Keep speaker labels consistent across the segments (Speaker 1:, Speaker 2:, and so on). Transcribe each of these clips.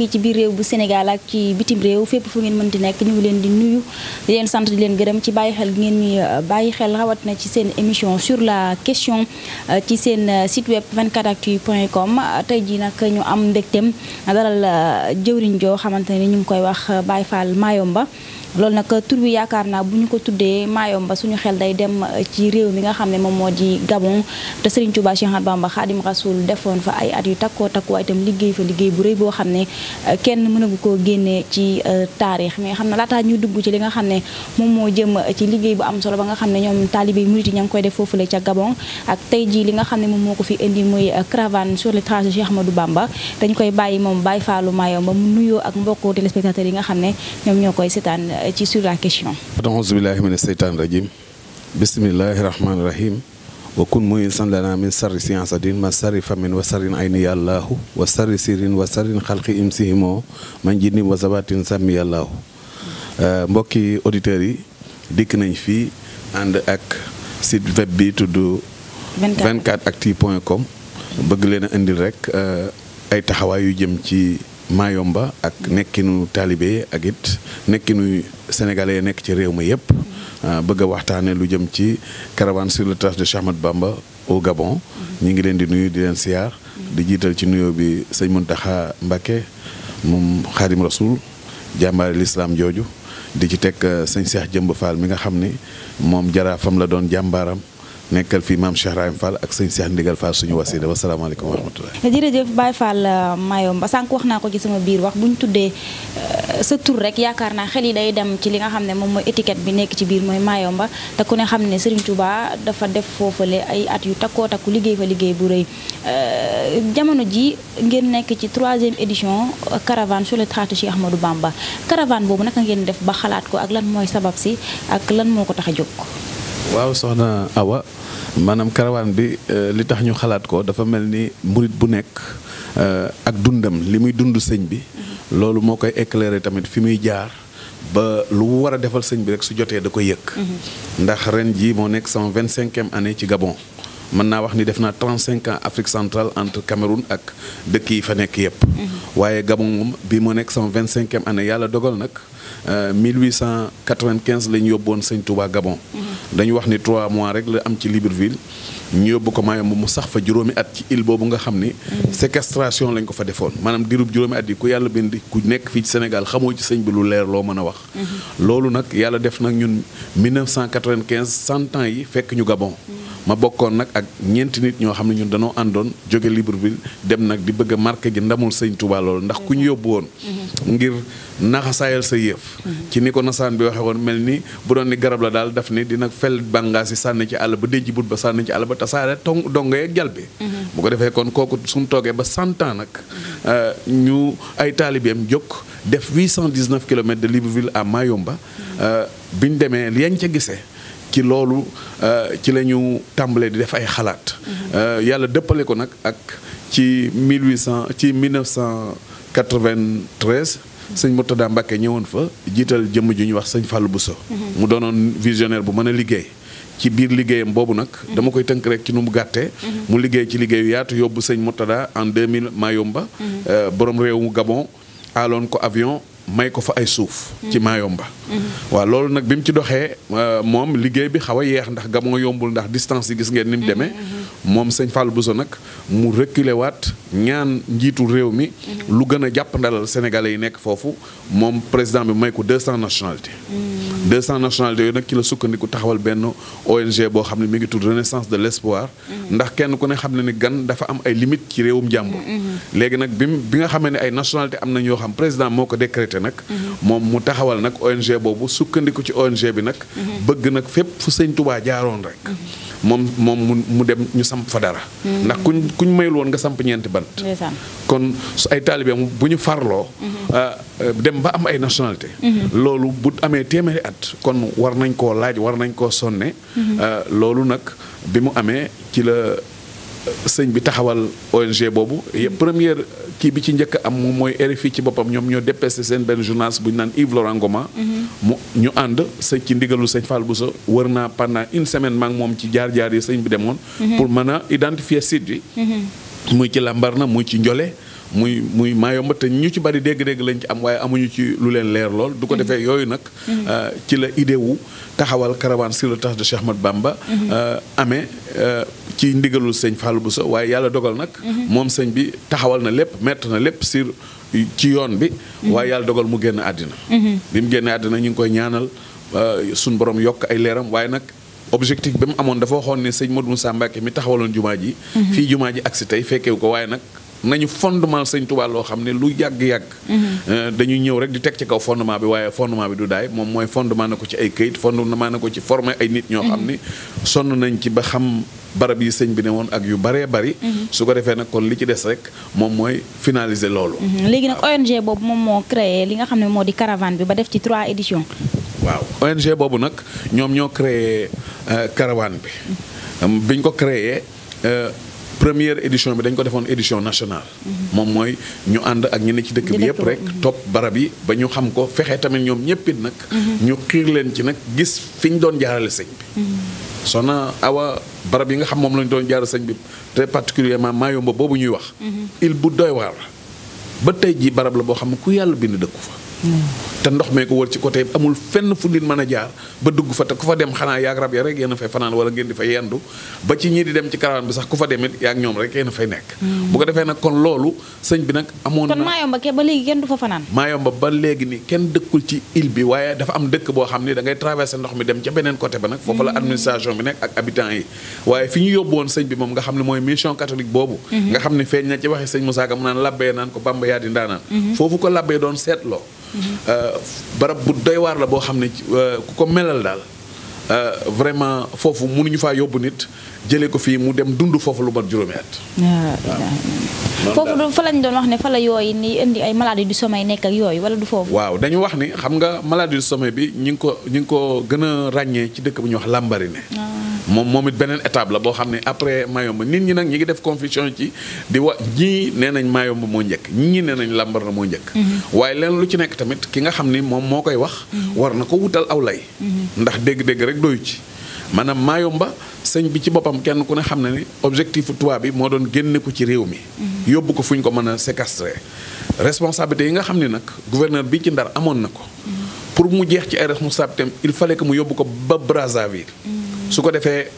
Speaker 1: fii ci biir réew bu Sénégal ak ci bitim réew fépp fu ngeen mën di nekk ñu ngi leen di nuyu di leen sant di leen gërëm ci bàyyi xel gi ngeen ñuy euh, bàyyi xel rawat na ci seen émission sur la question euh, ci seen euh, site web 24actu.com tey ji nag ñu am mbégteem dalal jëwriñ joo xamante ne ñu ngi koy wax Baye Fall Mayomba loolu nag tur bi yaakaar naa bu ñu ko tuddee ba suñu xel day dem eh, ci réew mi nga xam ne moom moo di Gabon te Serigne Touba Cheikh Ahmadou Bamba Khadim Rasoul defoon fa ay at yu takkoo takku waaye itam liggéey fa liggéey bu rëy boo xam ne eh, kenn mënagu koo génnee ci eh, taarix mais xam na laataa ñuy dugg ci li nga xam ne moom moo jëm ci liggéey bu am solo ba nga xam ne ñoom taalibé murit yi ña ngi koy def foofule ca Gabon ak tey jii li nga xam ne moom moo ko fi indi muy caravane sur les traces de Cheikh Ahmadou Bamba dañ koy bàyyi moom bàyyi Baye Fallou ba mu nuyoo ak mbokku téléspectateurs yi nga xam ne ñoom ñoo koy seetaan Euh, ci a la question.
Speaker 2: aousubillahi mina seytaan rajim bismillahi rahmaani rahim wa kun muy san lana min sarri ma sarri famin wa sarrin ayni yàllaahu wa sarri sirin wa sarrin xalqi imsihimoo ma jinnim wa sabatin sàmmi yàllaahu euh, mbokki auditeurs yi dikk nañ fii ànd ak site web bi tudd 24actu point com bëgg leen a indil rek euh, ay taxawaay yu jëm ci Mayomba ak nekkinu taalibe ak it nekkinu sénégalais nekk ci réew ma yépp ah, bëgg a waxtaane lu jëm ci caravane sur le trace de Cheikh Bamba au Gabon mm-hmm. ñi ngi leen di nuyu di leen siyaar mm-hmm. di jiital ci nuyoo bi sëñ Muntaxa Mbàkke moom Xaadim Rasul jàmbaari lislaam jooju di ci teg ah, sëñ Seex Jëmb Fall mi nga xam ni moom jaraafam la doon jàmbaaram nekkal fii maam Cheikh Rahim Fall ak sëñ Cheikh Ndigal Fall suñu wasila wa salaamaaleykum wa rahmatulah.
Speaker 1: Eh, jërëjëf Baye Fall euh, Mayomba sànq wax naa ko ci sama biir wax bu ñu tuddee euh, sa tur rek yaakaar naa xel yi day dem ci li nga xam ne moom mooy étiquette bi nekk ci biir mooy ba te ku ne xam ne Serigne Touba dafa def foofale ay at yu takkoo takku liggéey fa liggéey bu rëy euh, jamono ji ngeen nekk ci troisième édition caravane sur le trajet Cheikh Ahmadou Bamba caravane boobu naka ngeen def ba xalaat ko ak lan mooy sabab si ak lan moo ko tax a jóg.
Speaker 2: waaw soxna Awa maanaam karawaan bi euh, li tax ñu xalaat ko dafa mel ni murit bu nekk euh, ak dundam li muy dund sëñ bi loolu moo koy éclairer tamit fi muy jaar ba lu war a defal sëñ bi rek su jotee da koy yëkk
Speaker 3: mm-hmm.
Speaker 2: ndax ren ji moo nekk sama vingt cinquième année ci Gabon mën naa wax ni def naa 35 ans Afrique centrale entre Cameroun ak dëkk yi fa nekk yépp mm-hmm. waaye Gabon moom bi moo nekk sama vingt cinquième année yàlla dogal nag 1895 la ñu yóbboon sëñ Touba Gabon. Mm-hmm. dañu wax ni trois mois rek la am ci Libreville ñu yóbbu ko Mayombe mu sax fa juróomi at ci île boobu nga xam ni. séquestration lañ ko fa defoon maanaam dirub juróomi at yi ku yàlla bind ku nekk fii ci Sénégal xamoo ci sëñ bi lu leer loo mën a wax. Mm-hmm. loolu nag yàlla def nag ñun 1995 cent ans yi fekk ñu Gabon. Mm-hmm. ma bokkoon nag ak ñeenti nit ñoo xam ne ñun dañoo àndoon jóge Libreville dem nag di bëgg a marqué ji ndamul sëñ Touba loolu ndax ku ñu yóbbu woon. Mm-hmm. ngir naxasaayal sa yëf. ci ni ko nasaan bi waxee woon mel ni bu doon ni garab la daal daf tasaare tong dongo yeeg jal bi mm-hmm. bu ko defee kon kooku suñu toogee ba cent ans nag euh, ñu ay taalibeem jóg def 819 kilomètres de Libreville à Mayumba mm-hmm. euh, biñ demee yañ ca gisee ci loolu euh, ci la ñu tàmbalee di def ay xalaat mm-hmm. yàlla dëppale ko nag ak ci 1800 ci 1993 sëñ Murtada Mbàkke ñëwoon fa jiital jëmm ju ñu wax sëñ bu so mu doonoon visionnaire bu mën a liggéey ci biir liggéeyam boobu nag dama koy tënk rek ci nu mu gàttee mhm. mu liggéey ci liggéeyu yaatu yóbbu sëñ Murtada en 2000 Mayumba mhm. euh, borom réewu Gabon aloon ko avion may ko fa ay suuf ci mayom Mayumba mhm. waaw loolu nag bi mu ci doxee euh, moom liggéey bi xaw a yeex ndax Gabon yombul ndax distance yi gis ngeen ni mu demee moom sëñ bu so nag mu reculer waat ñaan njiitu réew mi. Mhm. lu gën a jàpp ndalal sénégalais yi nekk foofu moom président bi may ko 200 nationalités. 200 mhm. nationalités yooyu nag ci la sukkandiku taxawal benn ONG boo xam ne mi ngi tudd renaissance de l' espoir. Mhm. ndax kenn ku ne xam ne ni gan dafa am ay limites ci réewum jàmbur. léegi nag bi bi nga xamee ne ay nationalité am na ñoo xam président moo ko décrété nag. moom mu taxawal nag ONG boobu sukkandiku ci ONG bi nag. bëgg nag fépp fu sëñ Touba jaaroon rek. moom moom mu dem ñu samp fa dara. Mm-hmm. ndax kuñ kuñ mayul woon nga samp ñeenti bant. kon su ay taalibeem bu ñu farloo. Mm-hmm. Ah, eh, dem ba am ay nationalité. Mm-hmm. loolu bu amee téeméeri at kon war nañ koo laaj war nañ koo sonne. Ah, loolu nag bi mu amee ci la. sëñ bi taxawal ONG boobu première kii bi ci njëkk am moom mooy RFI ci boppam ñoom ñoo dépêché seen benn journaliste bu ñu naan Yves mu ñu ànd sëñ ci ndigalu sëñ Fall Boussa wër naa pendant une semaine maak moom ci jaar-jaar yi sëñ bi demoon mhm. pour mën a identifier site bi
Speaker 3: mhm.
Speaker 2: muy ci na muy ci njole muy muy maayomba te ñu ci bari dégg-dégg lañ ci am waaye amuñu ci lu leen leer lool. du ko mhm. defee yooyu nag. Mhm. Euh, ci la idée wu taxawal caravane sur lu tax de Cheikh Ahmad Bamba. Mhm. Euh, amee euh, ci ndigalul sëñ bu Bousso waaye yàlla dogal nag. moom sëñ bi taxawal na lépp mettre na lépp sur ci yoon bi. waaye yàlla dogal mu génn àddina. bi mu génnee àddina ñu ngi koy ñaanal sun borom yokk ay leeram waaye nag. objectif bi mu amoon dafa waxoon ne sëñ Modou Moussa Mbacke mi taxawaloon jumaa ji. fii tey fekkewu ko waaye nag. nañu fondement sëñ Tuubaa loo xam ne lu yàgg-yàgg mhm. euh, dañuy ñëw rek di teg ci kaw fondement bi waaye fondement bi du daay moom mooy fondement ko ci ay këyit fondement na ko ci former ay ñoo xam mhm. sonn nañ ci ba xam barab yi sëñ bi ne woon ak yu baree bari mhm. su ko defee nag kon li ci des rek moom mooy finaliser loolu
Speaker 1: léegi nag ONG boobu moom moo créé li nga xam ne moo di caravane bi ba def ci trois éditions
Speaker 2: waaw ONG boobu nag ñoom ñoo créé euh, caravane bi biñ ko créé euh, première édition bi dañ ko defoon édition nationale. Mhm. moom mooy ñu ànd ak ñi ci dëkk bi yëpp rek topp barab yi ba ñu xam ko fexee tamit ñoom ñëppit nag. Mhm. ñu xiir leen ci nag gis fi ñu doon jaarale sëñ bi. Mhm. soxna awa barab yi nga xam moom lañu doon jaarale sëñ bi très particulièrement Mayumba boobu ñuy wax. il bu doy waar ba tey jii barab la boo xam ne ku yàlla bind dëkku fa. te ndox mee ko wër ci côté amul fenn fu nit mën a jaar ba dugg fa te ku fa dem xanaa yaag rab ya rek yéen a fay fanaan wala ngeen di fa yendu ba ci ñii di dem ci caravane bi sax ku fa demit yaag ñoom rek yéen a fay nekk hmm. bu ko defee nag kon loolu na
Speaker 1: ba léegi kenn du fa fanaan
Speaker 2: ba léegi ni kenn dëkkul ci bi waaye dafa am dëkk boo xam ne da ngay traversé ndox mi dem ba nag foofu la hmm. administration bi nekk ak woon sëñ bi moom nga xam ne mooy mission catholique boobu hmm. nga xam ne feeñ na ci waxe sëñ Moussa Ka mu naan labbee naan ko Bamba yaa di ndaanaan foofu ko labbee doon seetloo Euh, barab bu doy waar la boo xam ne euh, ku ko melal daal euh, vraiment foofu mënuñu faa yóbbu nit jëlee ko fii mu dem dund foofu lu mat juróomi at. waaw foofu
Speaker 1: fa lañ doon wax ne fa la yooyu ni indi ay maladie du sommeil nekk ak yooyu wala du foofu.
Speaker 2: waaw dañu wax ni xam nga maladie du sommeil bi ñi ngi ko ñi ngi ko gën a ràññee ci dëkk bu ñuy wax làmbari Lambaréné. Ah. moom moom it beneen étape la boo xam ne après Mayomba nit ñi nag ñi ngi def confusion ci di wa ñii nee nañ ba moo njëkk ñii nee nañ na moo njëkk. Mhm. waaye leen lu ci nekk tamit ki nga xam ni moom moo koy wax. Mhm. war na ko wutal aw lay. Mhm. ndax dégg-dégg rek doyu ci maanaam Mayomba sëñ bi ci boppam kenn ku ne xam na ni objectif tubaab bi moo doon génne ko ci réew mi. Mhm. yóbbu ko fu ñu ko mën a séquestrer responsabilité yi nga xam ni nag gouverneur bi ci ndar amoon na ko. Mhm. pour mu jeex ci ay responsabilités il fallait que mu yóbbu ko ba Brazzaville. Mhm. su ko defee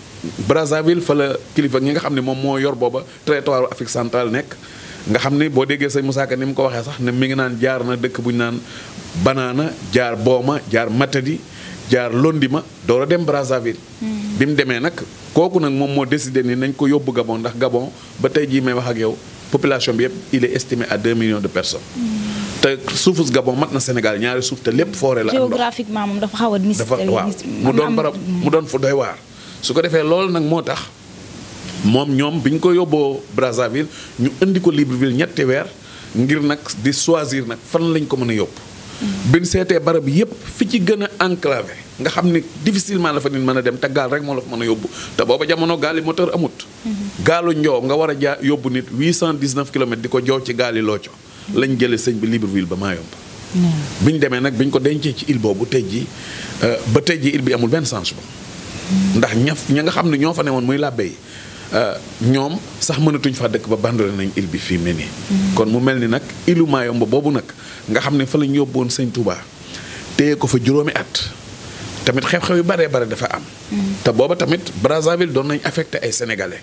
Speaker 2: Brazzaville fa la kilifa ñi nga xam ne moom moo yor booba territoire Afrique centrale nekk. nga xam ne boo déggee sëñ Moussa ni mu ko waxee sax ne mi ngi naan jaar na dëkk bu ñu naan Banaana jaar Booma jaar Matadi. jaar Londima ma a dem Brazzaville. Hmm. bi mu demee nag kooku nag moom moo décidé ni nañ ko yóbbu Gabon ndax Gabon ba tey jii may wax ak yow population bi yëpp il est estimé à 2 millions de personnes.
Speaker 3: Hmm.
Speaker 2: te suufu Gabon mat na Sénégal ñaari suuf te lépp forêt la.
Speaker 1: géographiquement moom dafa xaw a dafa waaw mu doon
Speaker 2: barab mu doon fu doy waar. su ko defee loolu nag moo tax moom ñoom bi ñu ko yóbboo Brazzaville ñu indi ko Libreville ñetti weer ngir nag di choisir nag fan lañ ko mën a yóbbu. bin seetee barab yëpp fi ci gën a enclavé nga xam ni difficilement la fa nit mën a dem te gaal rek moo la fa mën a yóbbu te booba jamono gaal yi moteur amut. Mhm. gaalu njoow nga war a jaa yóbbu nit cent 819 kilomètres di ko joow ci gaal yi looco lañ jëlee sëñ bi libre Libreville ba Maayomba. bi ñu demee nag bi ñu ko dencee ci île boobu tey jii euh, ba tey jii île bi amul vingt changement. Mhm. ndax ña ña nga xam ne ñoo fa woon muy làbbe yi Euh, ñoom sax mënatuñ fa dëkk ba bandale nañ île bi fii mu ne mm-hmm. kon mu mel ni nag ilu Mayomba boobu nag nga xam ne fa lañ yóbboon sëñ Touba téye ko fa juróomi at tamit xew-xew yu baree bare dafa am.
Speaker 3: Mm-hmm.
Speaker 2: te booba tamit Brazzaville doon nañ affecté ay sénégalais.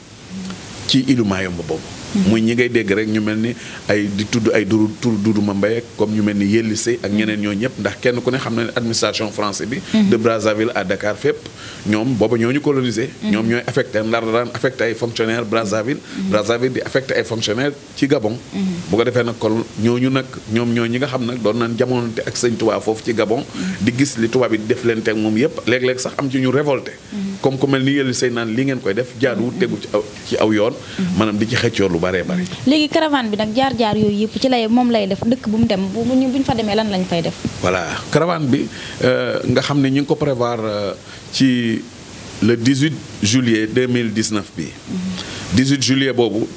Speaker 2: ci ilu Mayumba boobu. muy ñi ngay dégg rek ñu mel ni ay di tudd ay duru tur Doudou Mbaye comme ñu mel ni Yelli Seye ak ñeneen ñoo ñëpp ndax kenn ku ne xam na ne administration français bi. Mm-hmm. de Brazzaville à Dakar fépp. ñoom booba ñoo ñu colonisé. Mm-hmm. ñoom ñooy affecté ndar daan affecté ay fonctionnaires Brazzaville. Mm-hmm. Brazzaville di affecté ay fonctionnaires ci Gabon. bu ko defee nag kon ñooñu nag ñoom ñoo ñi nga xam nag doon naan jamononte ak sëñ tubaab foofu ci Gabon. di gis li tubaab bi def leen teg moom yëpp léeg-léeg sax am ñu révolté. comme ku mel ni yéen say naan li ngeen koy def jaaduwul tegu ci aw ci aw yoon. maanaam di ci xëccoo lu baree bari.
Speaker 1: léegi caravane bi nag jaar jaar yooyu yëpp ci lay moom lay def dëkk bu mu dem bu ñu fa demee lan lañ fay def.
Speaker 2: Euh, nga xam ne ñu ngi ko prévoir euh, ci le 18 juillet 2019 bi 18 juillet boobu.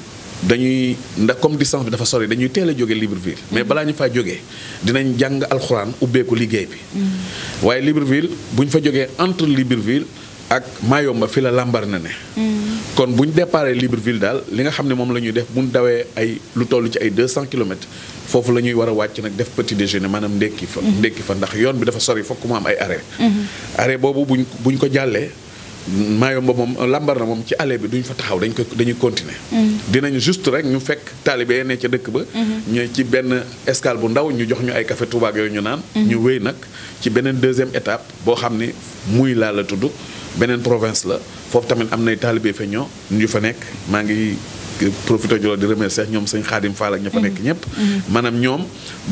Speaker 2: dañuy ndax comme distance bi dafa sori dañuy teel a jóge Libreville mais balaa ñu faa jógee dinañ jàng alxuraan ubbeeku liggéey bi.
Speaker 3: Mm.
Speaker 2: waaye Libreville bu ñu fa jógee entre Libreville. ak Mayomba fi la làmbar na ne. Mm. kon buñ ñu déparé Libreville daal li nga xam ne moom la ñuy def bu ñu dawee ay lu toll ci ay 200 kilomètres foofu la ñuy war a wàcc nag def petit déjeuner maanaam ndékki fa. Mm-hmm. ndékki fa ndax yoon bi dafa sori fokk mu am ay arrêt.
Speaker 3: Mm-hmm.
Speaker 2: arrêt boobu buñ buñ ko jàllee. Mayomba moom lambar na moom ci allée bi duñ fa taxaw dañ ko dañuy continuer. Mm. dinañ juste rek ñu fekk taalibe ne ca dëkk ba. Mm-hmm. ñu ci benn escale bu ndaw ñu jox ñu ay café Touba ak yooyu ñu naan. ñu wéy nag ci beneen deuxième étape boo xam ni muy laa la tudd. beneen province la foofu tamit am na nay taalibe feñoo ñu fa nekk maa ngi profité jolo di remercier ñoom sëñ Xaadim Fall ak ña fa nekk mhm. ñëpp mhm. maanaam ñoom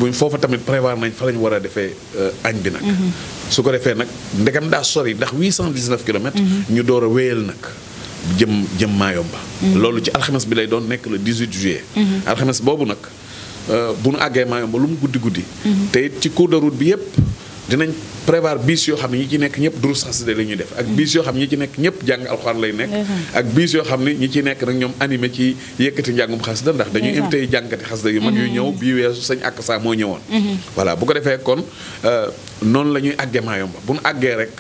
Speaker 2: buñ foofa tamit prévoir nañ fa la ñu war a defee euh, añ bi nag mhm. su ko defee nag ndegam daa sori ndax 819 kilomètres ñu door a wéyal nag jëm jëm ba loolu ci alxames bi lay doon nekk le 18 juillet alxames boobu nag euh, bu nu àggee Maayomba lu mu guddi guddi te it ci cours de route bi yëpp dinañ prévoir bis yoo xam ne ñi ci nekk ñëpp durus xasida la ñuy def ak bis yoo xam ne ñi ci nekk ñëpp jàng alxuraan lay nekk mm-hmm. ak bis yoo xam ne ñi ci nekk nag ñoom animé ci yëkkati njàngum xasida ndax dañuy mm-hmm. invité yi jàngati xasida yu mag yu mm-hmm. ñëw bii weesu sañ ak saa moo ñëwoon voilà bu ko defee kon euh, noonu la ñuy àggee Mayumba bu ñu àggee rek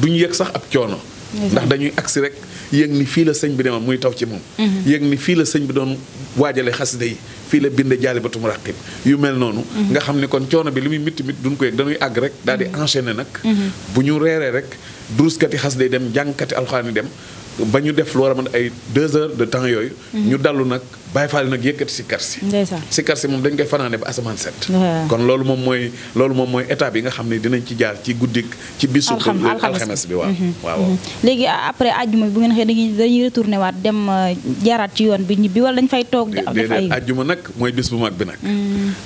Speaker 2: duñu yëg sax ab coono ndax dañuy agsi rek yëg ni fii la sëñ bi demoon muy taw ci moom mhm. yëg ni fii la sëñ bi doon waajale xasida yi fii la binde jaalibatu muraqib yu mel noonu mhm. nga xam ne kon coono bi li muy mitti mit duñ ko yëg dañuy àgg rek daal di mhm. enchaîner nag bu ñu reeree rek druskati xasida yi dem jàngkati alxuraan dem ba ñu def lu war a mën ay deux heures de temps yooyu. Mhm. ñu dallu nag bàyyi faale nag yëkkati sikkar si. sikkar si moom dañ koy fanaane ba asamaan set. kon loolu moom mooy loolu moom nga xam ne dinañ ci jaar ci guddik ci bisu. alxames bi waaw mhm. Mhm.
Speaker 1: léegi après àjjuma bu ngeen xëy dañuy dañuy dem euh, jaaraat ci yoon bi ñibbi wala dañ fay toog. def ay
Speaker 2: nag mooy bis bu mag bi nag.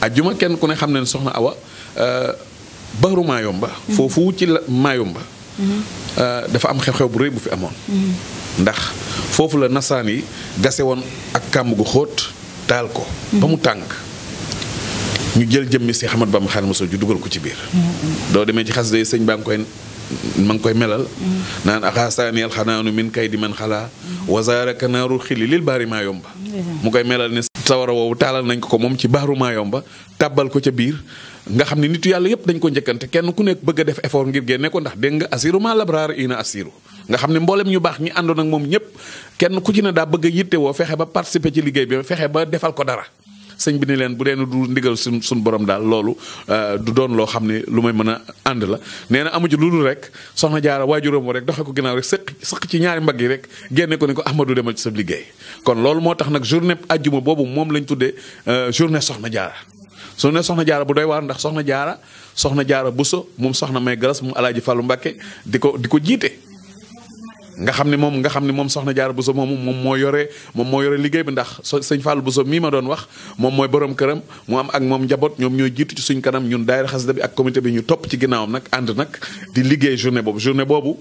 Speaker 2: àjjuma kenn ku ne xam ne soxna Awa. Euh, Baaru Maayomba. foofu ci la Maayomba. Euh, dafa am xew-xew bu rëy bu fi amoon. ndax foofu la nasaan yi gase woon ak kàmb gu xóot taal ko. ba mu tànk ñu jël jëmmi si Ahmadu Bamba Xaadimu Rasuul ju dugal ko ci biir. doo demee ci xas day sëñ baa ngi koy ma ngi koy melal. naan axaasaani alxanaanu kay di man xalaa. wasaaraka naaru xili baari maa yomba. mu koy melal ne sawara woowu taalal nañ ko ko moom ci baaru maa yomba tàbbal ko ca biir. nga xam ne nitu yàlla yëpp dañ ko njëkkante kenn ku nekk bëgg a def effort ngir génne ko ndax dégg nga assiru maa labraar ina assiru nga xam ne mboolem ñu baax ñi àndoon ak moom ñëpp kenn ku ci ne daa bëgg a yitte woo ba participer ci liggéey bi fexe ba defal ko dara sëñ bi ni leen bu dee du ndigal suñ suñ borom daal loolu euh, du doon loo xam ne lu may mën a ànd la nee na amu ci loolu rek soxna jaara waajuram rek doxe ko ginnaaw rek sëq sëq ci ñaari mbagg yi rek génne ko ni ko Ahmadou demal ci sa liggéey kon loolu moo tax nag journée ajjuma boobu moom lañ tuddee euh, journée soxna jaara su ne soxna jaara bu doy waar ndax soxna jaara soxna jaara Buso moom soxna may galas mu alaaji Fàllu Mbàkke di ko di ko jiite nga xam ne moom nga xam ne moom soxna jaara Buso moom moom moo yore moom moo yore liggéey bi ndax sëñ Fàllu Buso mii ma doon wax moom mooy boroom këram mu am ak moom njaboot ñoom ñoo jiitu ci suñ kanam ñun daayira xasida bi ak comité bi ñu topp ci ginnaawam nag ànd nag di liggéey journée boobu journée boobu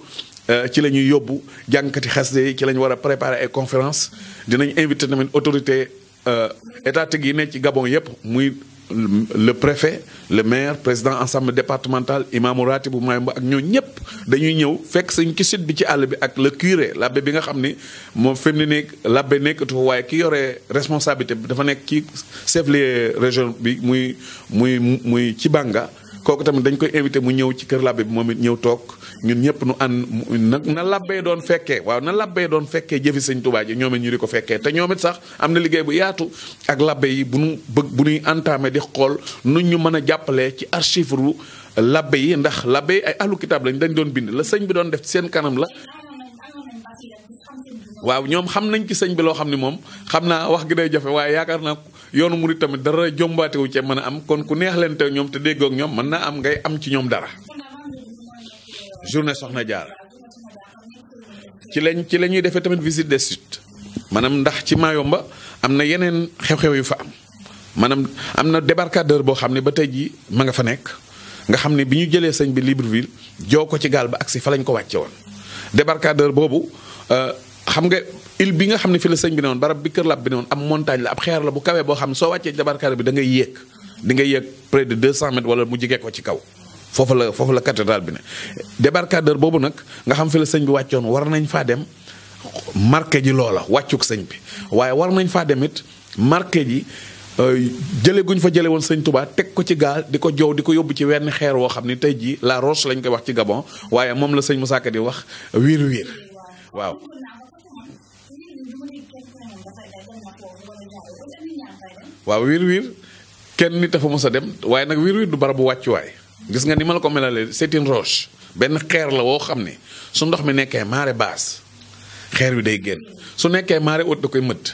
Speaker 2: euh, ci la ñuy yóbbu jàngkati xasida yi ci la war a préparer ay conférence dinañ invité tamit autorité euh, étatique yi ne ci Gabon yépp muy le préfet le maire président ensemble départemental imaamu raatibu maay mba ak ñoo ñëpp dañuy ñëw fekk sañ ci site bi ci àll bi ak le curé labbe bi nga xam ni moom fi mu ne nekk labbe nekkatu waaye ki yore responsabilité bi dafa nekk ci chef lieu région bi muy muy muy ci Banga kooku tamit dañ koy invité mu ñëw ci kër labbe bi moom it toog ñun ñëpp nu ànd na na labbee doon fekkee waaw na labbee doon fekkee jëfi sëñ Tuubaa ji ñoom it ñu di ko fekkee te ñoom sax am na liggéey bu yaatu ak labbe bu nu bëgg bu ñuy entamé di xool nu ñu mën a jàppalee ci archive ru labbe yi ndax labbe ay ahlu kitaab lañ dañ doon bind la sëñ bi doon def seen kanam la. waaw ñoom xam nañ ci sëñ bi loo xam ne moom xam naa wax gi day jafe waaye yaakaar naa yoonu murid tamit dara jombaatewu ci mën a am kon ku neex leen te ñoom te déggoog ñoom mën naa am ngay am ci ñoom dara journée soxna jaara ci lañ ci la ñuy defee tamit visite des sites maanaam ndax ci Mayomba am na yeneen xew-xew yu fa am maanaam am na débarcadeur boo xam ne ba tey jii ma nga fa nekk nga xam ne bi ñu jëlee sëñ bi Libreville joo ko ci gaal ba agsi fa lañ ko wàcce woon débarcadeur boobu euh, xam nga il bi nga xam ne fi la sëñ bi ne woon barab bi Kër Lab bi ne woon am montagne la ab xeer la bu kawee boo xam ne soo wàccee Jabarkaare bi da yéeg di nga yéeg près de 200 mètres wala mu jigee ko ci kaw foofu la foofu la cathédrale bi ne débarcadère boobu nag nga xam fi la sëñ bi wàccoon war nañ faa dem marqué ji loola wàccuk sëñ bi waaye war nañ faa dem it marqué ji euh, jële guñ fa jële woon sëñ Touba teg ko ci gaal di ko joow di ko yóbbu ci wenn xeer woo xam ne tey jii la roche lañ koy wax ci Gabon waaye moom la sëñ mu Ka di wax wiir wiir waaw waaw wiir wiir kenn nit dafa mos a dem waaye nag wiir wiir du barabu wàccuwaay gis nga ni ma la ko melalee c'est une roche benn xeer la woo xam ne su ndox mi nekkee marée baas xeer wi day génn su nekkee marée haute da koy mëdd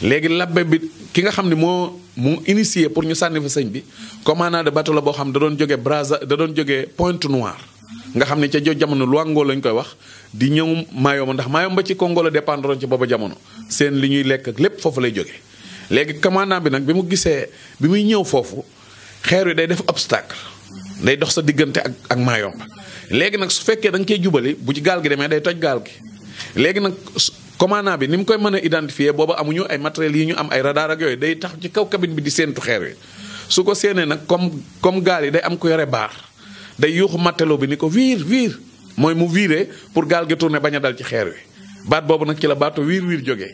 Speaker 2: léegi labbe bi ki nga xam ne moo mu initié pour ñu sànni fa sëñ bi commandant de bateau la boo xam da doon jógee Brazza da doon jógee Pointe Noire nga xam ne ca jo jamono Luango lañ koy wax di ñëw Mayomba ndax Mayomba ba ci Congo la dépendroon ci jamono seen li ñuy lekk lépp foofu lay jógee léegi commandant bi nag bi mu gisee bi muy ñëw foofu xeer wi day def obstacle day dox sa diggante ak ak maayomba léegi nag su fekkee da nga koy jubali bu ci gaal gi demee day toj gaal gi léegi nag commandant bi ni mu koy mën a identifier booba amuñu ay matériels yi ñu am ay radar ak yooyu day tax ci kaw cabine bi di séentu xeer wi su ko séenee nag comme comme gaal yi day am ko yore baax day yuuxu matelot bi ni ko viir viir mooy mu viiree pour gaal gi tourné bañ a dal ci xeer wi baat boobu nag ci la baatu wiir wiir jógee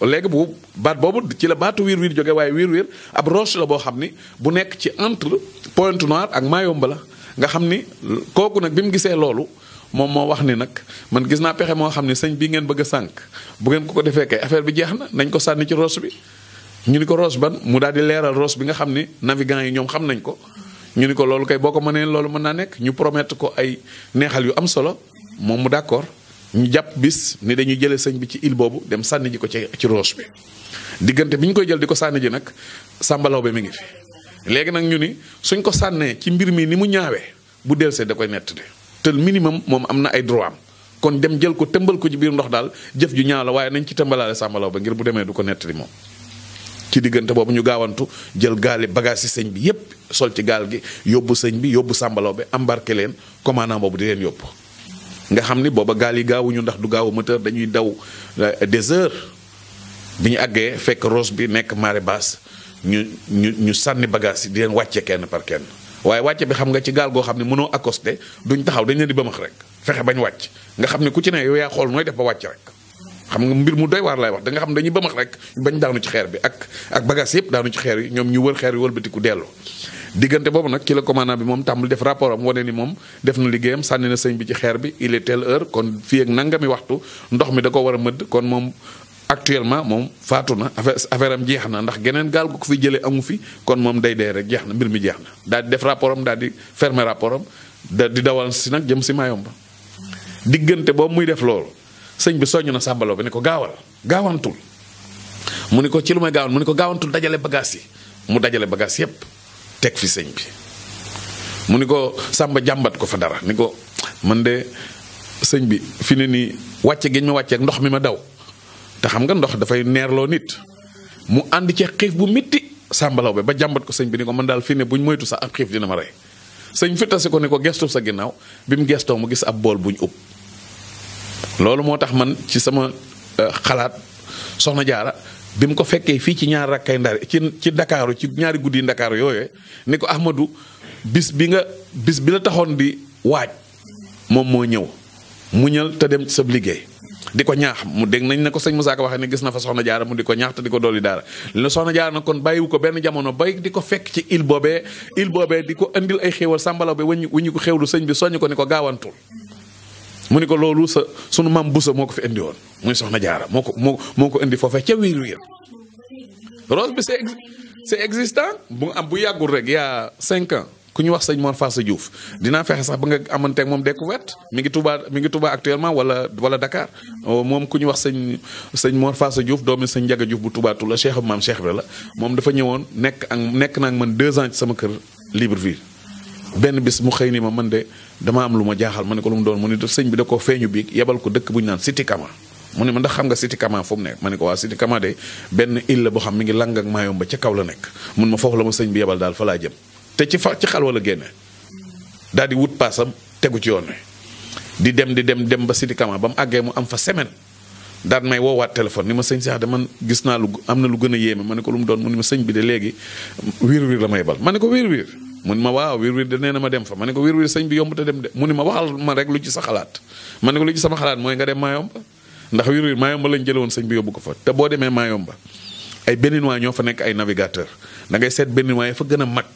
Speaker 2: léegi bu baat boobu ci la baatu wiir wiir jóge waaye wiir wiir ab roche la boo xam ni bu nekk ci entre Pointe Noire ak Mayomba la nga xam ni kooku nag bi mu gisee loolu moom moo wax ni nag man gis naa pexe moo xam ni sëñ bii ngeen bëgg a sànq bu ngeen ko ko defee kay affaire bi jeex na nañ ko sànni ci roche bi ñu ni ko roche ban mu daal di leeral roche bi nga xam ni navigant yi ñoom xam nañ ko ñu ni ko loolu kay boo ko mënee loolu mën naa nekk ñu promettre ko ay neexal yu am solo moom mu d'accord ñu jàpp bis ni dañuy jëlee sëñ bi ci île boobu dem sànni ko ci ci roche bi diggante bi ñu koy jël di ko sànni ji nag sàmbalaw bi mi ngi fi léegi nag ñu ni suñ ko sànnee ci mbir mii ni mu ñaawee bu delsee da koy nett de te minimum moom am na ay droit am kon dem jël ko tëmbal ko ci biir ndox daal jëf ju ñaaw la waaye nañ ci tëmbalaale sàmbalaw ba ngir bu demee du ko nett di moom ci diggante boobu ñu gaawantu jël gaali bagage si sëñ bi yépp sol ci gaal gi yóbbu sëñ bi yóbbu sàmbalaw bi embarqué leen commandant boobu di leen yóbbu nga xam ni booba gaal yi gaawuñu ndax du gaawu moteur dañuy daw euh, des heures bi ñu àggee fekk roche bi nekk marée basse ñu ñu ñu sànni bagage yi di leen wàcce kenn par kenn waaye wàcce bi xam nga ci gaal goo xam ne mënoo accosté duñ taxaw dañ leen di bëmax rek fexe bañ wàcc nga xam ne ku ci ne yow yaa xool nooy def ba wàcc rek xam nga mbir mu doy waar lay wax da nga xam dañuy bëmax rek bañ daanu ci xeer bi ak ak bagage yëpp daanu ci xeer yi ñoom ñu wër xeer yi wëlbatiku delloo diggante boobu nag ci la commandant bi moom tàmbali def rapport am ni moom def na liggéeyam sànni na sëñ bi ci xeer bi il est telle heure kon fii ak mi waxtu ndox mi da ko war a mëdd kon moom actuellement moom faatu na affaire am jeex na ndax geneen gaal gu ko fi jëlee amu fi kon moom day dee rek jeex na mbir mi jeex na daal def rapport am daal di fermer rapport am da di dawal si nag jëm si Mayomba diggante boobu muy def loolu sëñ bi soññ na sàmbaloo bi ne ko gaawal gaawantul mu ne ko ci lu may gaawal mu ko gaawantul dajale bagage yi mu dajale bagage yépp teg fi sëñ bi mu ni ko sàmba jàmbat ko fa dara ni ko man de sëñ bi fi ne nii wàcce gi ma wàcceeg ndox mi ma daw te xam nga ndox dafay neerloo nit mu ànd ci xiif bu mitti sàmbalaw bi ba jàmbat ko sëñ bi ni ko man daal fii ne buñ moytu sax ab xiif dina ma rey sëñ fi tasi ko ni ko gestu sa ginnaaw bi mu gestoo mu gis ab bool buñ ub loolu moo tax man ci sama eh, xalaat soxna jaara bi mu ko fekkee fii ci ñaar rakkay ndar ci ci ndakaaru ci ñaari guddi ndakaaru yooyee ni ko Ahmadou bis bi nga bis bi la taxoon di waaj moom moo ñëw muñal te dem ci sab liggéey di ko ñaax mu dégg nañ ne ko sëñ Moussa Ka waxee ne gis na fa soxna jaara mu di ko ñaax te di ko dolli daala la soxna jaara nag kon bàyyiwu ko benn jamono bay di ko fekk ci il boobee il boobee di ko indil ay xéewal sàmbalaw ba wëññi ko lu sëñ bi soññ ko ni ko gaawantul mu ni ko loolu sa sunu maam Boussa moo ko fi indiwoon woon muy soxna jaara moo ko moo moo ko indi foofee ca wiir wiir rose bi c'est c'est existant bu am bu yàggul rek yaa cinq ans ku ñu wax sëñ Mor Fass Diouf dinaa fexe sax ba nga amanteeg moom découverte mi ngi Touba mi ngi tubaa actuellement wala wala Dakar oh, moom ku ñu wax sëñ sëñ Mor Fass Diouf doomi sëñ Njaga Diouf bu Touba tu la cheikh maam cheikh bi la moom dafa ñëwoon nekk ak nekk naa ak deux ans ci sama kër Libreville benn bis mu xëy ni ma man de dama am lu ma jaaxal ma ne ko lu mu doon mu bi da koo feeñu biig ko dëkk bu ñu naan Siti Kama mu ne ma ndax xam nga Siti ma ne ko waa Siti Kama de benn île la boo xam mi ngi lang ak Mayomba ca la nekk mun ma foofu la ma te ci fa ci xalwa la génne daal di wut paasam tegu ci yoon di dem di dem dem ba Siti Kama ba mu àggee mu am fa semaine daal may woowaat téléphone ni ma sëñ Cheikh de man gis naa lu am na lu gën a yéeme ma ne ko lu mu doon mu ne ma sëñ bi de léegi wiir wiir la may yebal ma ne ko wiir wiir mu ma waaw wir wir de nee na ma dem fa ma ne ko wir wir sañ bi yomb te dem de mu ni ma waxal ma rek lu ci sa xalaat ma ne ko lu ci sama xalaat mooy nga dem maayomba ndax wir wir maayomba lañ jële woon sëñ bi yóbbu ko fa te boo demee maayomba ay béninois ñoo fa ay navigateur da ngay seet béninois yi fa gën a mag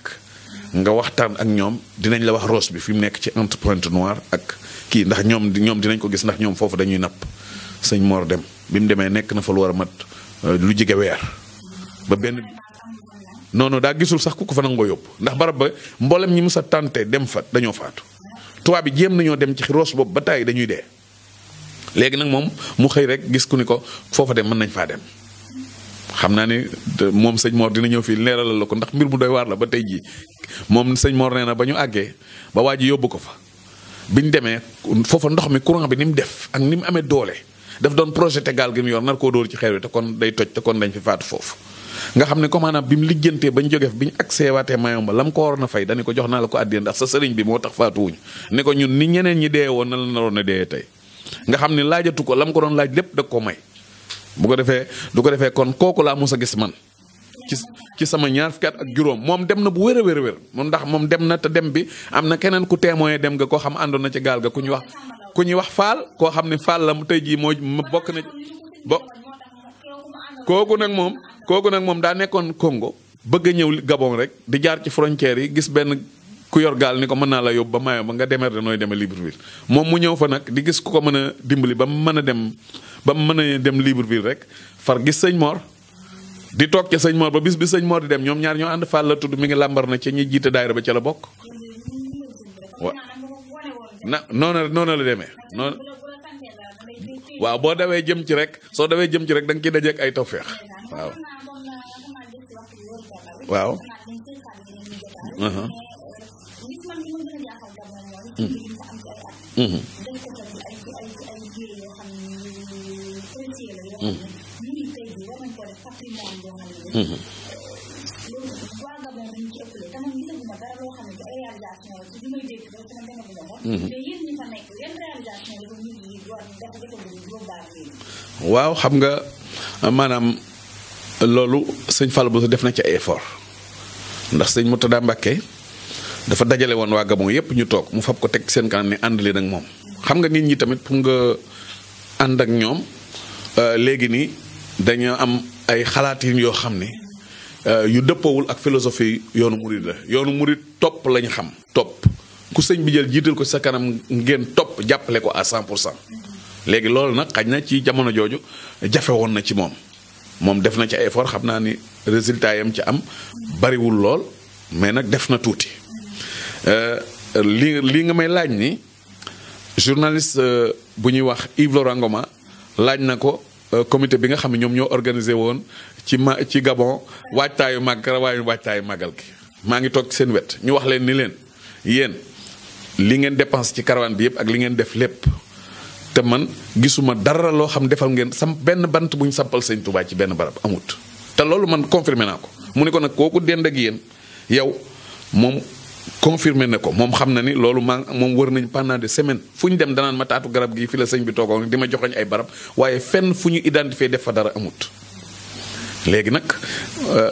Speaker 2: nga waxtaan ak ñoom dinañ la wax roche bi fi mu nekk ci entre Pointe Noire ak kii ndax ñoom ñoom dinañ ko gis ndax ñoom foofu dañuy nap sañ Mor dem bi mu demee nekk na fa lu war a mat euh, lu jige weer ba benn noonu non daa gisul sax ku ko fa nangoo yóbbu ndax barab ba mboolem ñi mu sa tànte dem fa dañoo faatu tubaab bi jéem nañoo dem ci roos boobu ba tàyyi dañuy dee léegi nag moom mu xëy rek gis ku ni ko foofa dem mën nañ faa dem xam naa ni moom sëñ moor dina ñëw fii leeralal la ko ndax mbir mu doy waar la ba tey jii moom sëñ Mor nee na ba ñu àggee ba waa ji yóbbu ko fa bi ñu demee foofa ndox mi courant bi ni mu def ak ni mu amee doole daf doon projet te gi mu yor nar koo dóor ci xeer te kon day toj kon dañ fi faatu foofu nga xam ne ko bi mu liggéeyantee bañ jógee bi ñu accès waatee Mayumba la mu ko war a fay dañu ko jox naa la ko àddee ndax sa sëriñ bi moo tax faatuwuñu ne ko ñun ni ñeneen ñi dee woon na la naroon a dee tey nga xam ne laajatu ko lam ko doon laaj lépp da ko may bu ko defee du ko defee kon kooku laa mos a gis man ci ci sama ñaar fukki ak juróom moom dem na bu wér a wér a wér moom ndax moom dem na te dem bi am na keneen ku témoin dem nga koo xam àndoon na ci gaal ga ku ñuy wax ku ñuy wax faal koo xam ne faal la mu tey jii moo bokk na bo kooku nag moom kooku nag moom daa nekkoon Congo bëgg a ñëw Gabon rek di jaar ci frontières yi gis benn ku yor gaal ni ko mën naa la yóbbu ba maayo ba nga demer de nooy demee Libreville moom mu ñëw fa nag di gis ku ko mën a dimbali ba mu mën a dem ba mu mën a dem Libreville rek far gis sëñ Mor di toog ca sëñ Mor ba bis bi sëñ Mor di dem ñoom ñaar ñoo ànd Fall la tudd mi ngi làmbar na ca ñi jiite ba ca la bokk. wa na noonu la demee noonu waaw boo dawee jëm ci rek soo dawee jëm ci rek da nga ciy dajeeg ay feex waaw waaw uh-huh. mm-hmm. mm-hmm. loolu sëñ Fallou Bousso def na ci ay effort ndax sëñ Murtada Mbàkke dafa dajale woon waa Gabon yépp ñu toog mu fab ko teg seen kanam ne ànd leen ak moom xam nga nit ñi tamit pour nga ànd ak ñoom euh, léegi nii dañoo am ay xalaatin yoo xam ne euh, yu dëppawul ak philosophie yoonu murid la yoonu murid topp lañu xam topp ku sëñ bi jël jiital ko sa kanam ngeen topp jàppale ko à 100 pour cent léegi loolu nag xaj na ci jamono jooju jafe woon na ci moom moom def na ci ay effort xam naa ni résultat yam ci am bariwul lool mais nag def na tuuti euh, li li nga may laaj ni journaliste euh, bu ñuy wax Yves Laurent laaj na ko euh, comité bi nga xam ne ñoom ñoo organisé woon ci ma ci Gabon waajtaayu màgg rawaayu waajtaayu màggal gi maa ngi toog seen wet ñu wax leen ni leen yéen lii ngeen dépense ci caravane bi yëpp ak li ngeen def lépp te man gisuma dara loo xam defal ngeen sam benn bant bu ñu sampal sëñ Touba ci benn barab amut te loolu man confirmé naa ko mu ne ko nag kooku dend ak yéen yow moom confirmé ne ko moom xam na ni loolu maa moom wër nañ pendant de semaine fu ñu dem danaan ma taatu garab gi fi la sëñ bi toogoon di ma joxoñ ay barab waaye fenn fu ñu identifié def fa dara amut léegi nag euh,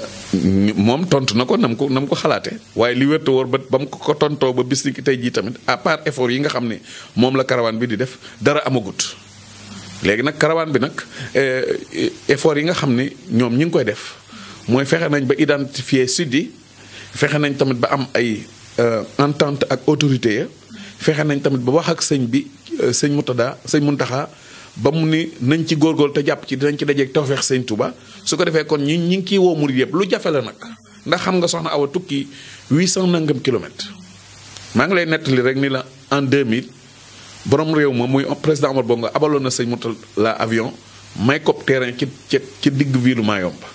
Speaker 2: moom tontu na ko nam ko nam ko xalaatee waaye li wér te wóor ba ba mu ko tontoo ba bis ki tey jii tamit à part effort yi nga xam ne moom la caravane bi di def dara amagut. léegi nag caravane bi nag eh, effort yi nga xam ne ñoom ñi ngi koy def mooy fexe nañ ba identifier sud fexe nañ tamit ba am ay euh, entente ak autorité ya fexe nañ tamit ba wax ak sëñ bi euh, sëñ Moutada sëñ mun Muntaxa ba mu ni nañ ci góorgóorlu te jàpp ci dinañ ci dajeeg tawfeex sëñ Touba su ko defee kon ñi ñi ngi ciy woo murid yëpp lu jafe la nag ndax xam nga soxna Awa tukki 800 nangam kilomètres. maa ngi lay nettali rek ni la en 2000 borom réew ma muy président Omar nga abaloon na sëñ Mourtalla avion may ko terrain ci ci ci digg viilu Mayomba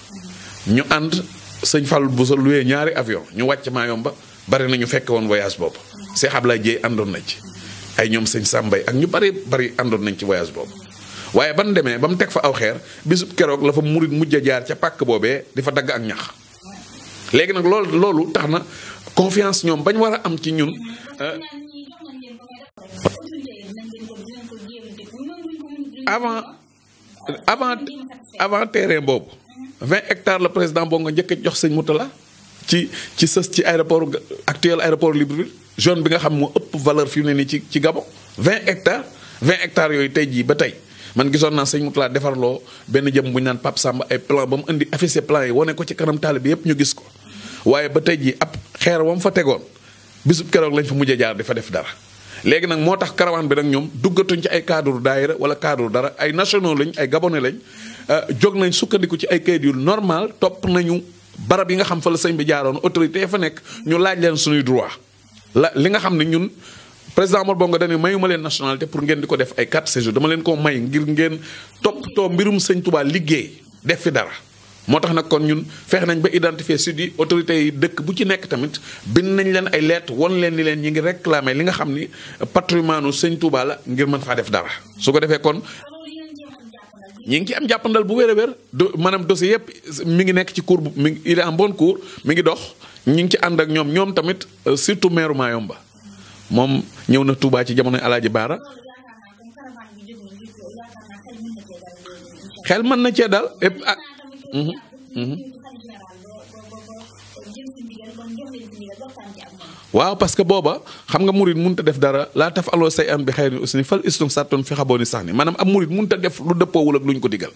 Speaker 2: ñu ànd sëñ Fallou Bousso loué ñaari avion ñu wàcc ba bari na ñu fekk woon voyage boobu Cheikh Ablaye Dieye àndoon ci ay ñoom sëñ Sambay ak ñu bare bari àndoon nañ ci voyage boobu waaye ban demee ba mu teg fa aw xeer bisub keroog la fa murit mujj a jaar ca pàkk boobee di fa dagg ak ñax léegi nag loolu loolu tax na confiance ñoom bañ war a am ci ñun. Euh, avant avant avant terrain boobu 20 hectares la président boo nga njëkk a jox sëñ Moutala ci ci sës ci aéroport actuel aéroport Libreville zone bi nga xam moo ëpp valeur fi mu ne nii ci ci Gabon 20 hectares 20 hectares yooyu tey jii ba tey. man gisoon naa sëñ laa defarloo benn jëm bu ñu naan Pape Samba ay plan ba mu indi affiché plan yi wane ko ci kanam taalibe yépp ñu gis ko waaye ba tey jii ab xeer wa mu fa tegoon bisub keroog lañ fa mujjee jaar di fa def dara. léegi nag moo tax karawaan bi nag ñoom duggatuñ ci ay cadre daayira wala cadre dara ay nationaux lañ ay gabonais lañ euh, jóg nañ sukkandiku ci ay kayit yu normal topp nañu barab yi nga xam fa la sëñ bi jaaroon autorité fa nekk ñu laaj leen suñuy droit la li nga xam ne ñun. président Mor Bongo dañu mayuma leen nationalité pour ngeen di ko def ay quatre séjours dama leen koo may ngir ngeen too mbirum sëñ Touba liggéey def fi dara. moo tax nag kon ñun fexe nañ ba identifier sud di autorités yi dëkk bu ci nekk tamit bind nañ leen ay lettre won leen ni leen ñi ngi réclamer li nga xam ni patrimoine sëñ Touba la ngir mën faa def dara su ko defee kon. ñi ngi ci am jàppandal bu wér a wér do maanaam dossier yëpp mi ngi nekk ci cours mi ngi il est mi ngi dox ñi ngi ci ànd ak ñoom ñoom tamit euh, surtout maire Mayomba moom ñëw na Touba ci jamono Alaaji Baara xel mën na cee dal ép ak ah, mhm, mhm. waaw parce booba xam nga murit mun a def dara laa taf aloo say am bi xëy na aussi fal istum sàttoon fi xabooni sax ni maanaam am murit mënut a def lu dëppoowul ak lu ñu ko digal.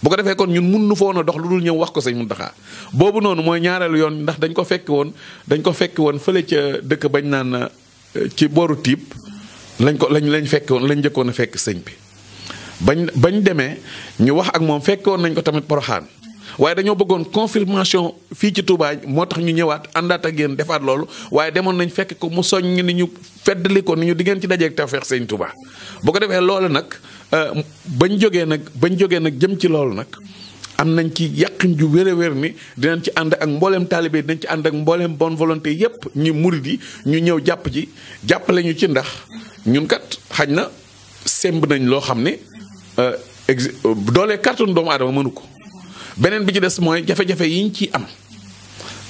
Speaker 2: bu ko defee kon ñun mun nu fa dox lu ñëw wax ko sëñ Muntaxa boobu noonu mooy ñaareelu yoon ndax dañ ko fekk woon dañ ko fekk woon fële ca dëkk bañ naan. ci booru tiib lañ ko lañ lañ fekkoon lañ njëkkoon a fekk sëñ bi bañ bañ demee ñu wax ak moom woon nañ ko tamit poroxaan waaye dañoo bëggoon confirmation fii ci Touba moo tax ñu ñëwaat àndaat a yéen defaat loolu waaye demoon nañ fekk ko mu soññ ni ñu feddali ko ni ñu di ngeen ci dajeeg tawfeex sëñ tubaa bu ko defee loolu nag euh, bañ jógee nag bañ jógee nag jëm ci loolu nag. am nañ ci yàqin ju wér a wér ni dinañ ci ànd ak mbooleem taalibe dañ ci ànd ak mbooleem bonne volonté yépp ñi murid yi ñu ñëw jàpp ci jàppale ñu ci ndax ñun kat xaj na semb nañ loo xam ne euh, ex doole kàttanu doomu aadama mënu ko beneen bi ci des mooy jafe-jafe yiñ ci am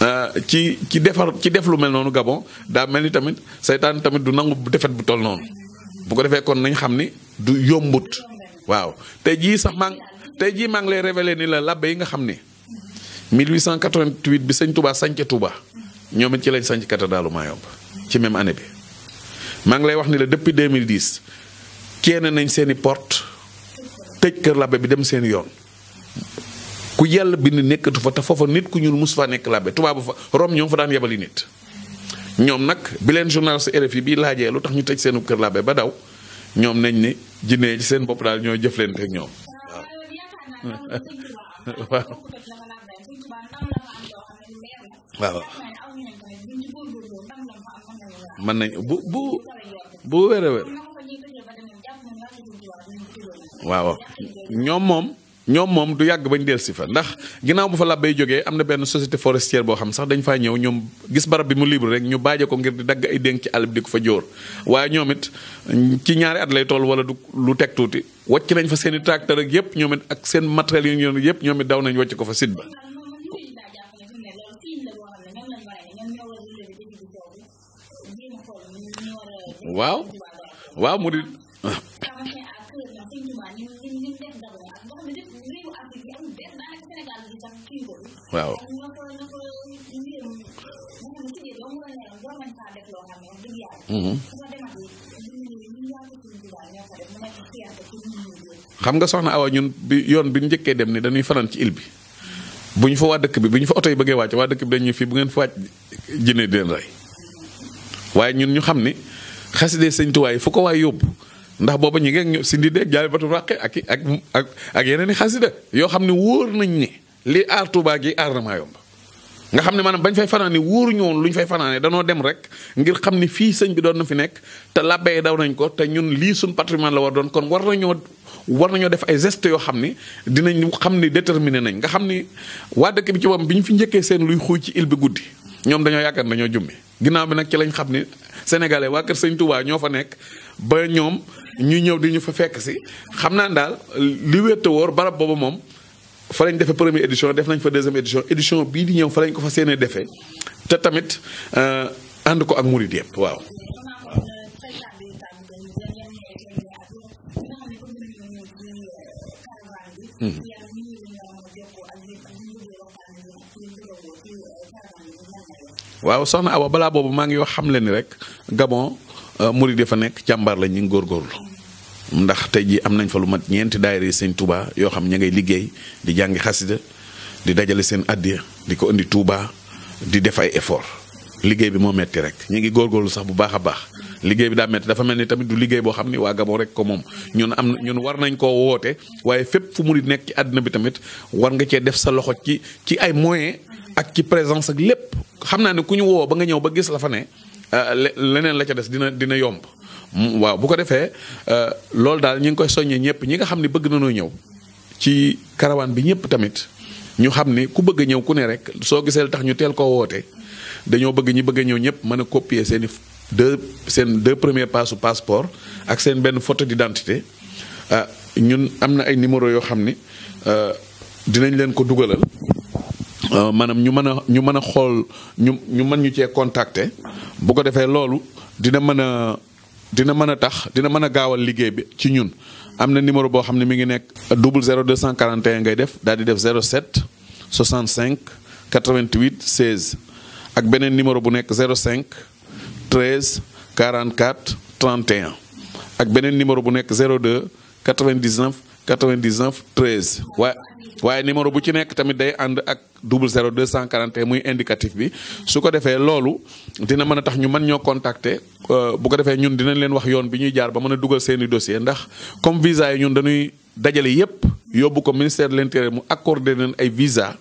Speaker 2: euh, ci ci defar ci deflu mel noonu Gabon daa mel ni tamit seytaan tamit du nangu defet bu toll noonu bu ko defee kon nañ xam ni du yombut waaw te jii sax maa tey jii maa ngi lay révélé ni la labbe yi nga xam ne 1888 bi sëñ Touba sànce Touba ñoom it ci lañ sànc cathédralu Mayumba ci même année bi maa ngi lay wax ni la depuis 2010 kenn nañ seeni porte tëj kër labbe bi dem seen yoon ku yàlla bind nekkatu fa te foofa nit ku ñuul mus faa nekk labbe tubaabu fa Rome ñoom fa daan yabali nit. ñoom nag bi leen journaliste RFI bi laajee lu tax ñu tëj seenu kër labbe ba daw ñoom nañ ni jinne ci seen bopp daal ñoo jëflante ak ñoom.
Speaker 3: waaw
Speaker 2: waaw mën nañ bu bu bu wér a wér waaw moom ñoom moom du yàgg bañ dellu si fa ndax ginnaaw bu fa làbbay jógee am na benn société forestière boo xam sax dañ faa ñëw ñoom gis barab bi mu libre rek ñu baaje ko ngir di dagg ay dénk ci àll di ko fa jóor waaye ñoom ci ñaari at lay toll wala du lu teg tuuti wàcc nañ fa seen i ak yëpp ñoom it ak seen matériel yi ñu yëpp ñoom it daw nañ wàcc ko fa site waaw waaw mu di
Speaker 3: waaw. Mm-hmm.
Speaker 2: xam nga soxna Awa ñun bi yoon bi njëkkee dem ni dañuy fanaan ci île bi bu ñu fa waa dëkk bi bu ñu fa oto yi bëggee wàcc waa dëkk bi dañ ñu fi bu ngeen fa wàcc jinne di rey waaye ñun ñu xam ni xasidee sëñ Tuubaa yi fu ko waay yóbbu ndax booba ñu ngi ak si jaale batu ràqe ak ak yeneen i xasida yoo xam ne wóor nañ ne. lii aar Touba gi aar na maa yomb nga xam ne maanaam bañ fay fanaane wóoruñu woon lu ñu fay fanaane danoo dem rek ngir xam ni fii sëñ bi doon na fi nekk te làbbe yi daw nañ ko te ñun lii suñ patrimoine la war doon kon war nañoo war nañoo def ay gestes yoo xam ni dinañ xam ni déterminé nañ nga xam ni waa dëkk bi ci boppam bi ñu fi njëkkee seen luy xuuy ci île bi guddi ñoom dañoo yaakaar nañoo dañoo jummi ginnaaw bi nag ci lañ xam ni sénégalais waa kër sëñ Touba ñoo fa nekk ba ñoom ñu ñëw di ñu fa fekk si xam naa daal li wétta wóor boobu moom fa lañ defee première édition def nañ fa deuxième édition édition bii di ñëw fa ko fa seenee defee te tamit euh, ànd ko ak murid yëpp waaw. Hmm. waaw soxna Awa balaa boobu maa ngi wax xamle ni rek Gabon euh, murid yi fa nekk jàmbaar lañ ñu ngi góorgóorlu. ndax tey jii am nañ fa lu mat ñeenti daayira yi sëñ Touba yoo xam ña ngay liggéey di jàngi xasida di dajale seen addiya di ko indi Touba di def ay effort liggéey bi moo metti rek ñu ngi góorgóorlu sax bu baax a baax liggéey bi daa metti dafa mel ni tamit du liggéey boo xam ni waa Gabon rek ko moom ñun am ñun war nañ koo woote waaye fépp fu mu nekk ci àddina bi tamit war nga cee def sa loxo ci ci ay moyens ak ci présence ak lépp xam naa ne ku ñu woo ba nga ñëw ba gis la fa ne euh, leneen la ca des dina dina yomb. waaw bu ko defee euh, loolu daal ñu ngi koy soññee ñëpp ñi nga xam ni bëgg nañoo ñëw ci karawaan bi ñëpp tamit ñu xam ne ku bëgg ñëw ku ne rek soo gisee tax ñu teel ko wootee dañoo bëgg ñi bëgg ñëw ñëpp mën a copier seeni i deux seen premier premiers su passeport ak seen benn photo d'identité ah ñun am na ay numéro yoo xam ne euh, dinañ leen ko dugalal maanaam ñu mën a ñu mën a xool ñu ñu mën ñu cee contacter bu ko defee loolu dina mën a dina mën a tax dina mën a gaawal liggéey bi ci ñun am na numéro boo xam ne mi ngi nekk double 0 241 ngay def daal di def 07 65 88 16 ak beneen numéro bu nekk 05 13 44 31 ak beneen numéro bu nekk 02 99 99 13 waaye waaye numéro bu ci nekk tamit day ànd ak double zero deux cent quarante muy indicatif bi su ko defee loolu dina mën a tax ñu mën ñoo contacter euh, bu ko defee ñun dinañ leen wax yoon bi ñuy jaar ba mën a dugal seeni i dossier ndax comme visa yi ñun dañuy dajale yépp yóbbu ko ministère de l'intérieur mu accordé leen ay visa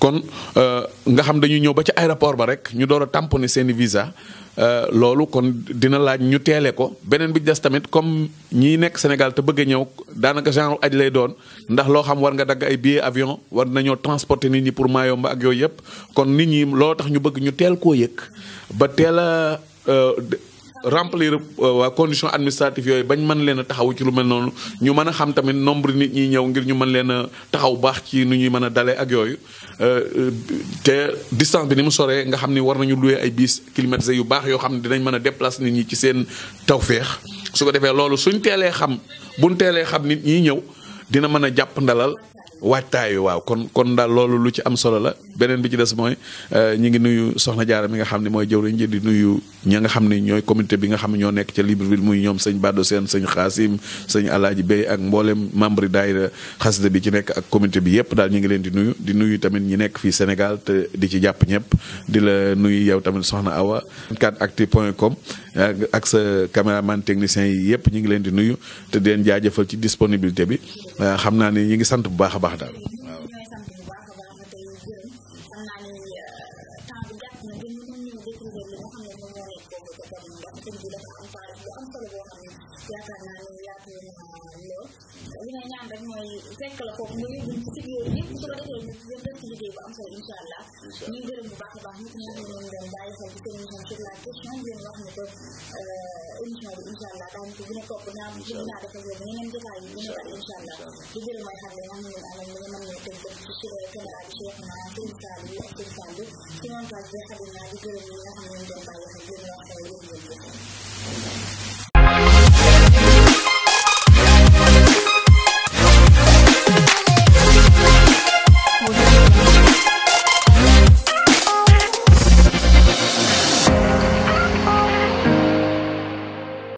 Speaker 2: kon euh, nga xam dañuy ñëw ba ci aéroport ba rek ñu door a tamponné seeni visa euh, loolu kon dina laaj ñu teele ko beneen bi des tamit comme ñiy nekk Sénégal te bëgg a ñëw daanaka genre aj lay doon ndax loo xam war nga dagg ay billet avion war nañoo transporter nit ñi pour Mayomba ak yooyu yëpp kon nit ñi loo tax ñu bëgg ñu teel koo yëg ba teel euh, remplir euh, waa conditions administratives yooyu bañ mën leen a taxaw ci lu mel noonu ñu mën a xam tamit nombre nit ñi ñëw ngir ñu mën leen a taxaw baax ci nu ñuy mën a dalee ak yooyu euh, euh, te distance bi ni mu soree nga xam ni war nañu louer ay bus climatisés yu baax yoo xam ne dinañ mën a déplacer nit ñi ci seen feex su ko defee loolu suñ teelee xam buñ teelee xam nit ñi ñëw dina mën a jàpp ndalal waajtaayu waaw kon kon daal loolu lu ci am solo la beneen bi ci des mooy euh, ñi ngi nuyu soxna jaara mi nga xam ne mooy jëw jëwriñ ji di nuyu ña nga xam ne ñooy communauté bi nga xam ne ñoo nekk ca Libreville muy ñoom sëñ Bado Seen sëñ Xaasim sëñ Alaaji Bey ak mboolem membre daayira xasida bi ci nekk ak communauté bi yépp daal ñu ngi leen di nuyu di nuyu tamit ñi nekk fii Sénégal di ci jàpp ñëpp di la nuyu yow tamit soxna Awa 24actu point com Eh, ak sa caméraman technicien yi yëpp ñu ngi leen di nuyu te den leen jaajëfal ci disponibilité bi eh, xam naa ni ñu ngi sant bu baax a baax daal.
Speaker 1: émission ngeen wax ni ko émission bi incha allah daañu ko gën a topp naa gën naa def ak yéen yeneen jotaay yi gën a bari incha allah di jël mooy xam ne ñoom ñun amal ñu mën ñoo tënk ci sur caméra bi Cheikh naa Serigne Sall bi ak Serigne Sall bi ci montage bi xam naa di gërëm ñi nga xam ne ñu doon bàyyi ak yéen wax